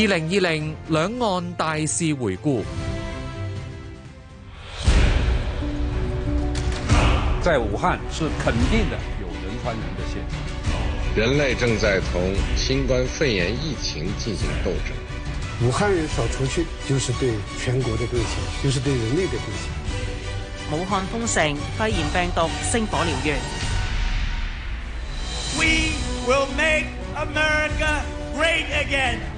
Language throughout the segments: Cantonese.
二零二零兩岸大事回顧。在武漢是肯定的有人傳人的現象。人類正在同新冠肺炎疫情進行鬥爭。武漢人少出去就是對全國的貢獻，就是對人類的貢獻。武漢封城，肺炎病毒星火燎原。We will make America great again.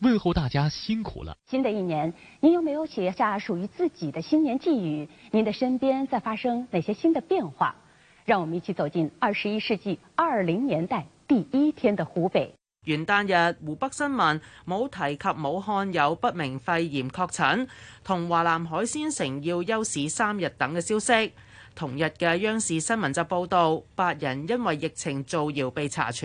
問候大家，辛苦了！新的一年，您有沒有寫下屬於自己的新年寄語？您的身邊在發生哪些新的變化？讓我們一起走進二十一世紀二零年代第一天的湖北。元旦日，湖北新聞冇提及武漢有不明肺炎確診，同華南海鮮城要休市三日等嘅消息。同日嘅央視新聞就報道，八人因為疫情造謠被查處。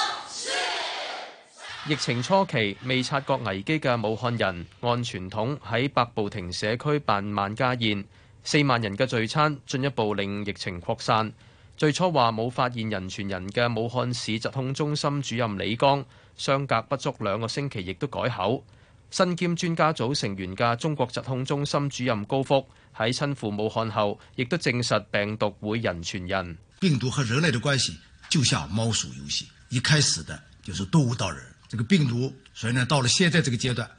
疫情初期未察覺危機嘅武漢人，按傳統喺百步亭社區辦萬家宴，四萬人嘅聚餐，進一步令疫情擴散。最初話冇發現人傳人嘅武漢市疾控中心主任李剛，相隔不足兩個星期，亦都改口。身兼專家組成員嘅中國疾控中心主任高福喺親赴武漢後，亦都證實病毒會人傳人。病毒和人類的關係就像貓鼠遊戲，一開始的就是動物到人。這個病毒，所以呢，到了現在這個階段，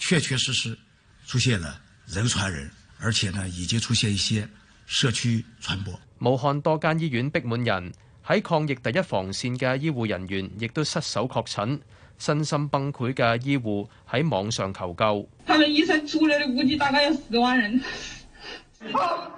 確確實實出現了人傳人，而且呢，已經出現一些社區傳播。武漢多間醫院逼滿人，喺抗疫第一防線嘅醫護人員亦都失手確診，身心崩潰嘅醫護喺網上求救。他們醫生出來的估計大概有十萬人。啊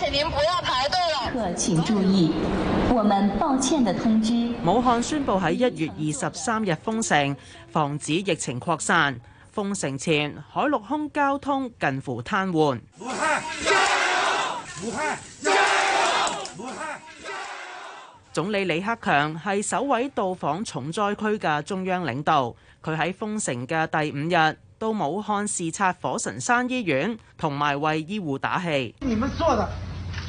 請您不要排隊了。客請注意，我們抱歉的通知。武漢宣布喺一月二十三日封城，防止疫情擴散。封城前，海陸空交通近乎癱瘓。武漢加油！武漢加油！武漢加油！總理李克強係首位到訪重災區嘅中央領導。佢喺封城嘅第五日，到武漢視察火神山醫院，同埋為醫護打氣。你們做的。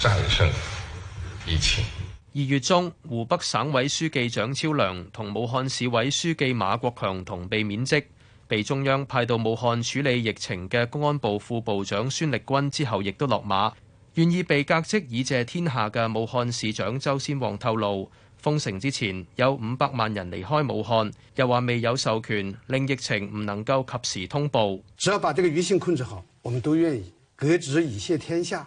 戰勝疫情。二月中，湖北省委書記蔣超良同武漢市委書記馬國強同被免職。被中央派到武漢處理疫情嘅公安部副部長孫力軍之後，亦都落馬。願意被革職以謝天下嘅武漢市長周先旺透露，封城之前有五百萬人離開武漢，又話未有授權令疫情唔能夠及時通報。只要把這個疫情控制好，我們都願意革職以謝天下。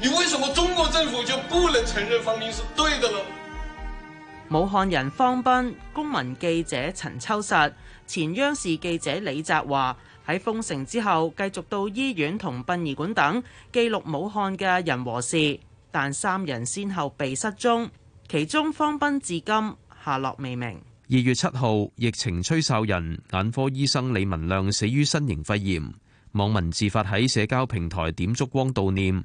你為什麼中國政府就不能承認方斌是對的呢？武漢人方斌、公民記者陳秋實、前央視記者李澤華喺封城之後，繼續到醫院同殯儀館等記錄武漢嘅人和事，但三人先後被失蹤，其中方斌至今下落未明。二月七號，疫情吹哨人眼科醫生李文亮死於新型肺炎，網民自發喺社交平台點燭光悼念。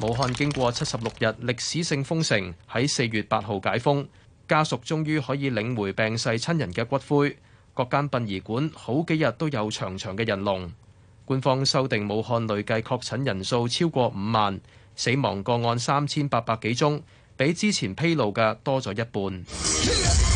武漢經過七十六日歷史性封城，喺四月八號解封，家屬終於可以領回病逝親人嘅骨灰。各間殯儀館好幾日都有長長嘅人龍。官方修訂武漢累計確診人數超過五萬，死亡個案三千八百幾宗，比之前披露嘅多咗一半。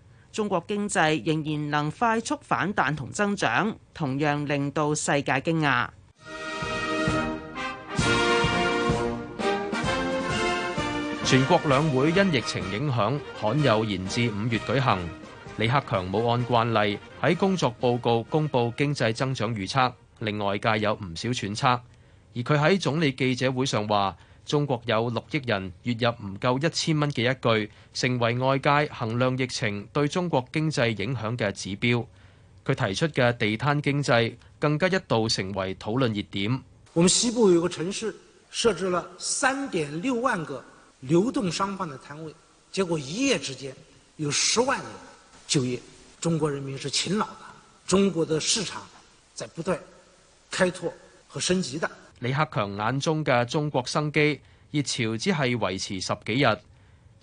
中國經濟仍然能快速反彈同增長，同樣令到世界驚訝。全國兩會因疫情影響，罕有延至五月舉行。李克強冇按慣例喺工作報告公布經濟增長預測，令外界有唔少揣測。而佢喺總理記者會上話。中國有六億人月入唔夠一千蚊嘅一句，成為外界衡量疫情對中國經濟影響嘅指標。佢提出嘅地攤經濟，更加一度成為討論熱點。我們西部有個城市設置了三點六萬個流動商販的攤位，結果一夜之間有十萬人就業。中國人民是勤勞的，中國的市場在不斷開拓和升級的。李克強眼中嘅中國生機。熱潮只係維持十幾日，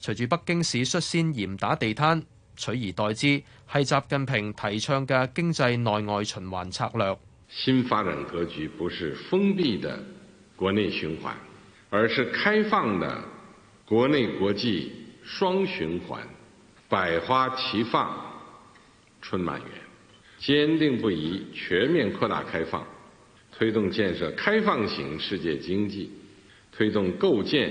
隨住北京市率先嚴打地攤，取而代之係習近平提倡嘅經濟內外循環策略。新發展格局不是封閉的國內循環，而是開放的國內國際雙循環，百花齊放春，春滿園。堅定不移全面擴大開放，推動建設開放型世界經濟。推動構建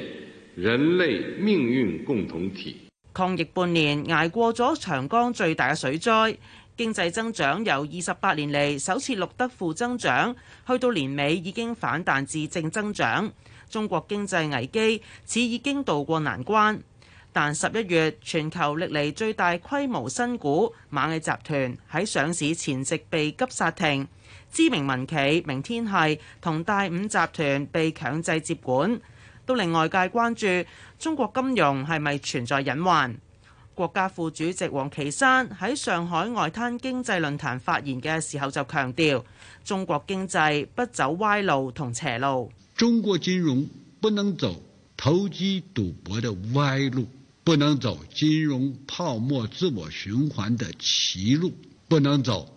人類命運共同體。抗疫半年，捱過咗長江最大嘅水災，經濟增長由二十八年嚟首次錄得負增長，去到年尾已經反彈至正增長。中國經濟危機似已經渡過難關，但十一月全球歷嚟最大規模新股螞蟻集團喺上市前夕被急煞停。知名民企明天系同大午集團被強制接管，都令外界關注中國金融係咪存在隱患？國家副主席王岐山喺上海外灘經濟論壇發言嘅時候就強調，中國經濟不走歪路同邪路。中國金融不能走投機賭博的歪路，不能走金融泡沫自我循環的歧路，不能走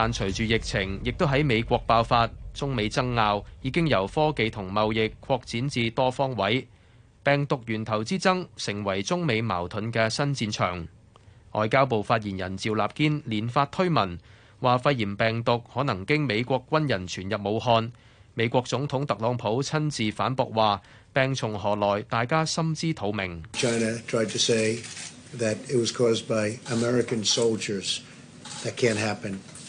但隨住疫情亦都喺美國爆發，中美爭拗已經由科技同貿易擴展至多方位，病毒源頭之爭成為中美矛盾嘅新戰場。外交部發言人趙立堅連發推文，話肺炎病毒可能經美國軍人傳入武漢。美國總統特朗普親自反駁話：病從何來？大家心知肚明。China tried to say that it was caused by American soldiers, that can't happen.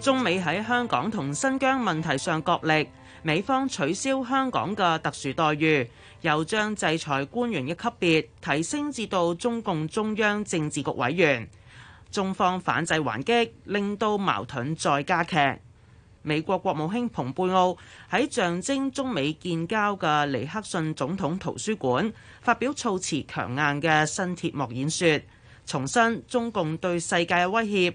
中美喺香港同新疆問題上角力，美方取消香港嘅特殊待遇，又將制裁官員嘅級別提升至到中共中央政治局委員，中方反制還擊令到矛盾再加劇，美國國務卿蓬佩奧喺象徵中美建交嘅尼克遜總統圖書館發表措辭強硬嘅新鐵幕演說，重申中共對世界嘅威脅。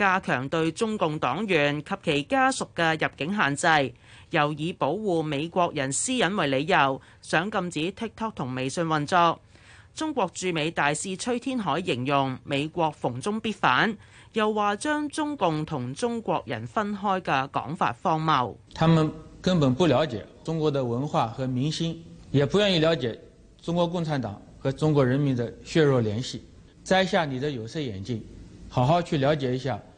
加強對中共黨員及其家屬嘅入境限制，又以保護美國人私隱為理由，想禁止 TikTok 同微信運作。中國駐美大使崔天凱形容美國逢中必反，又話將中共同中國人分開嘅講法荒謬。他們根本不了解中國的文化和民心，也不願意了解中國共產黨和中國人民的血肉聯繫。摘下你的有色眼鏡，好好去了解一下。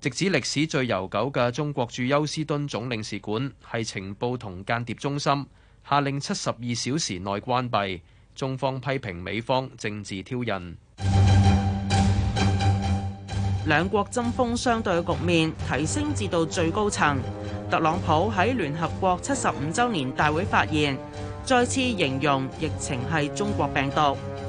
直指歷史最悠久嘅中國駐休斯敦總領事館係情報同間諜中心，下令七十二小時內關閉。中方批評美方政治挑釁，兩國針鋒相對局面提升至到最高層。特朗普喺聯合國七十五週年大會發言，再次形容疫情係中國病毒。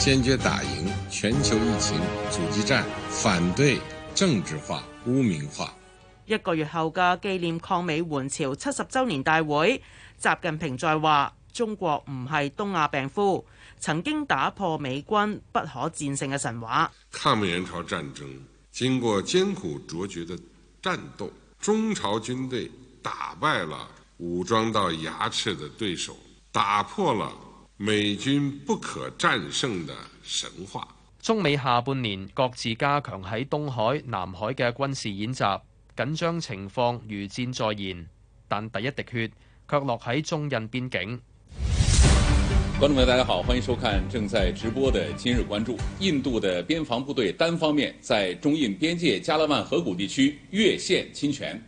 堅決打贏全球疫情阻擊戰，反對政治化、污名化。一個月後嘅紀念抗美援朝七十周年大會，習近平再話：中國唔係東亞病夫，曾經打破美軍不可戰勝嘅神話。抗美援朝戰爭經過艱苦卓絕的戰鬥，中朝軍隊打敗了武裝到牙齒的對手，打破了。美軍不可戰勝的神話。中美下半年各自加強喺東海、南海嘅軍事演習，緊張情況如箭在弦。但第一滴血卻落喺中印邊境。觀眾朋友，大家好，歡迎收看正在直播的《今日關注》。印度的邊防部隊單方面在中印邊界加勒萬河谷地區越線侵權。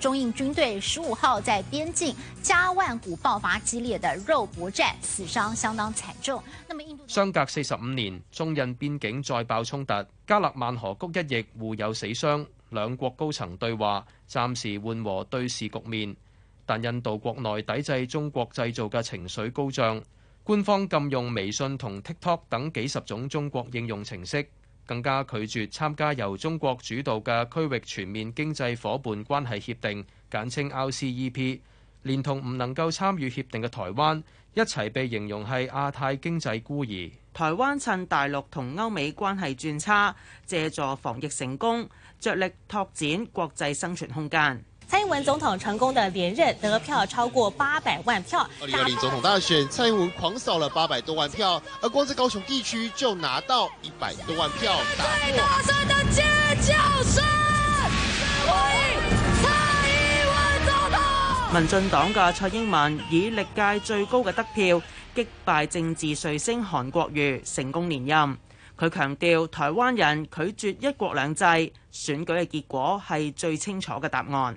中印軍隊十五號在邊境加萬谷爆發激烈的肉搏戰，死傷相當慘重。那麼印度，相隔四十五年，中印邊境再爆衝突，加勒萬河谷一役互有死傷。兩國高層對話，暫時緩和對峙局面，但印度國內抵制中國製造嘅情緒高漲，官方禁用微信同 TikTok 等幾十種中國應用程式。更加拒絕參加由中國主導嘅區域全面經濟夥伴關係協定，簡稱 RCEP，連同唔能夠參與協定嘅台灣，一齊被形容係亞太經濟孤兒。台灣趁大陸同歐美關係轉差，藉助防疫成功，着力拓展國際生存空間。蔡英文總統成功的連任，得票超過八百萬票。二零二零總統大選，蔡英文狂掃了八百多萬票，而光之高雄地區就拿到一百多萬票。最大聲的尖叫聲，歡迎蔡英文總統！民進黨嘅蔡英文以歷屆最高嘅得票擊敗政治彗星韓國瑜，成功連任。佢強調，台灣人拒絕一國兩制，選舉嘅結果係最清楚嘅答案。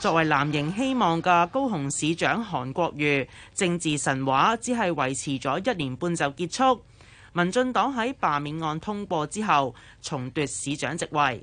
作為藍營希望嘅高雄市長韓國瑜，政治神話只係維持咗一年半就結束。民進黨喺罷免案通過之後，重奪市長職位。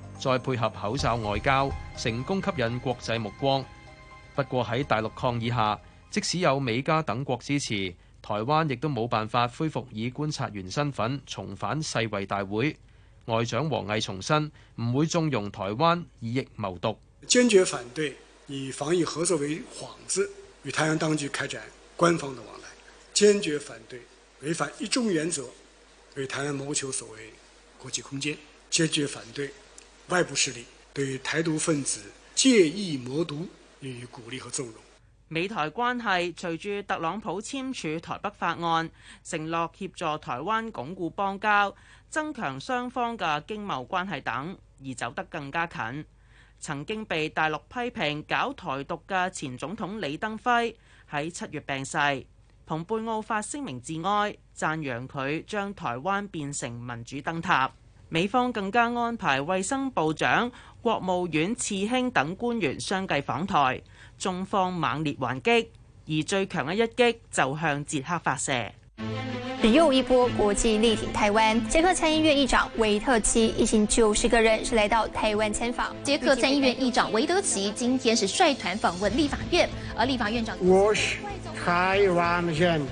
再配合口罩外交，成功吸引國際目光。不過喺大陸抗議下，即使有美加等國支持，台灣亦都冇辦法恢復以觀察員身份重返世衛大會。外長王毅重申，唔會縱容台灣以疫謀獨，堅決反對以防疫合作為幌子，與台灣當局開展官方的往來。堅決反對違反一中原則，為台灣謀求所謂國際空間。堅決反對。外部勢力對台獨分子借疫謀獨予以鼓勵和縱容。美台關係隨住特朗普簽署台北法案，承諾協助台灣鞏固邦交、增強雙方嘅經貿關係等，而走得更加近。曾經被大陸批評搞台獨嘅前總統李登輝喺七月病逝，蓬佩奧發聲明致哀，讚揚佢將台灣變成民主燈塔。美方更加安排衛生部長、國務院次卿等官員相繼訪台，中方猛烈還擊，而最強嘅一擊就向捷克發射。又一波國際力挺台灣，捷克參議院議長維特奇一行九十個人是來到台灣參訪。捷克參議院議長維德奇今天是率團訪問立法院，而立法院長。Wash, 台灣人。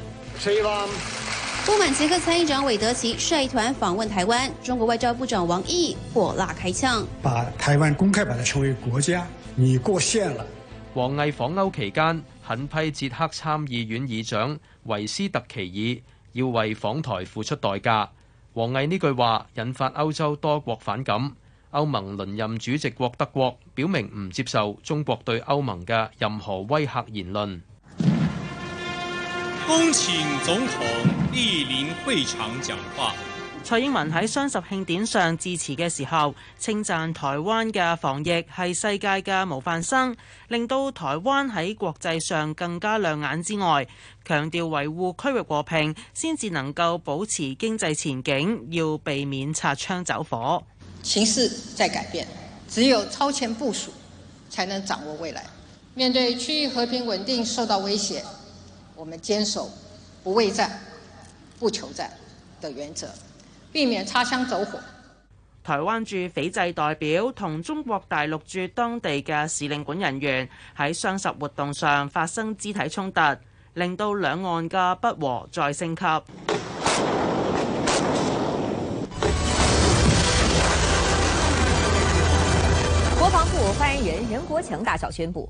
不滿捷克參議長韋德奇率團訪問台灣，中國外交部長王毅火辣開腔，把台灣公開把它稱為國家，你過線了。王毅訪歐期間狠批捷克參議院議長維斯特奇爾，要為訪台付出代價。王毅呢句話引發歐洲多國反感，歐盟輪任主席國德國表明唔接受中國對歐盟嘅任何威吓言論。恭請總統蒞臨會場講話。蔡英文喺雙十慶典上致辭嘅時候，稱讚台灣嘅防疫係世界嘅模範生，令到台灣喺國際上更加亮眼之外，強調維護區域和平先至能夠保持經濟前景，要避免擦槍走火。情勢在改變，只有超前部署，才能掌握未來。面對區域和平穩定受到威脅。我們堅守不畏戰、不求戰的原則，避免擦槍走火。台灣駐斐濟代表同中國大陸駐當地嘅使領館人員喺雙十活動上發生肢體衝突，令到兩岸嘅不和再升級。國防部發言人任國強大校宣布，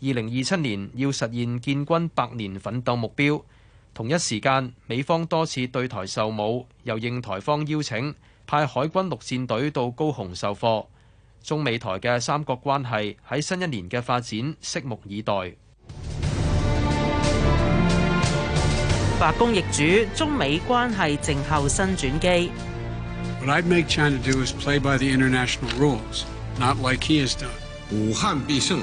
二零二七年要實現建軍百年奮鬥目標。同一時間，美方多次對台受武，又應台方邀請派海軍陸戰隊到高雄授課。中美台嘅三角關係喺新一年嘅發展，拭目以待。白宮亦主中美關係，靜候新轉機。但係我 make China do is play by the international rules，not like he has done。武漢必勝。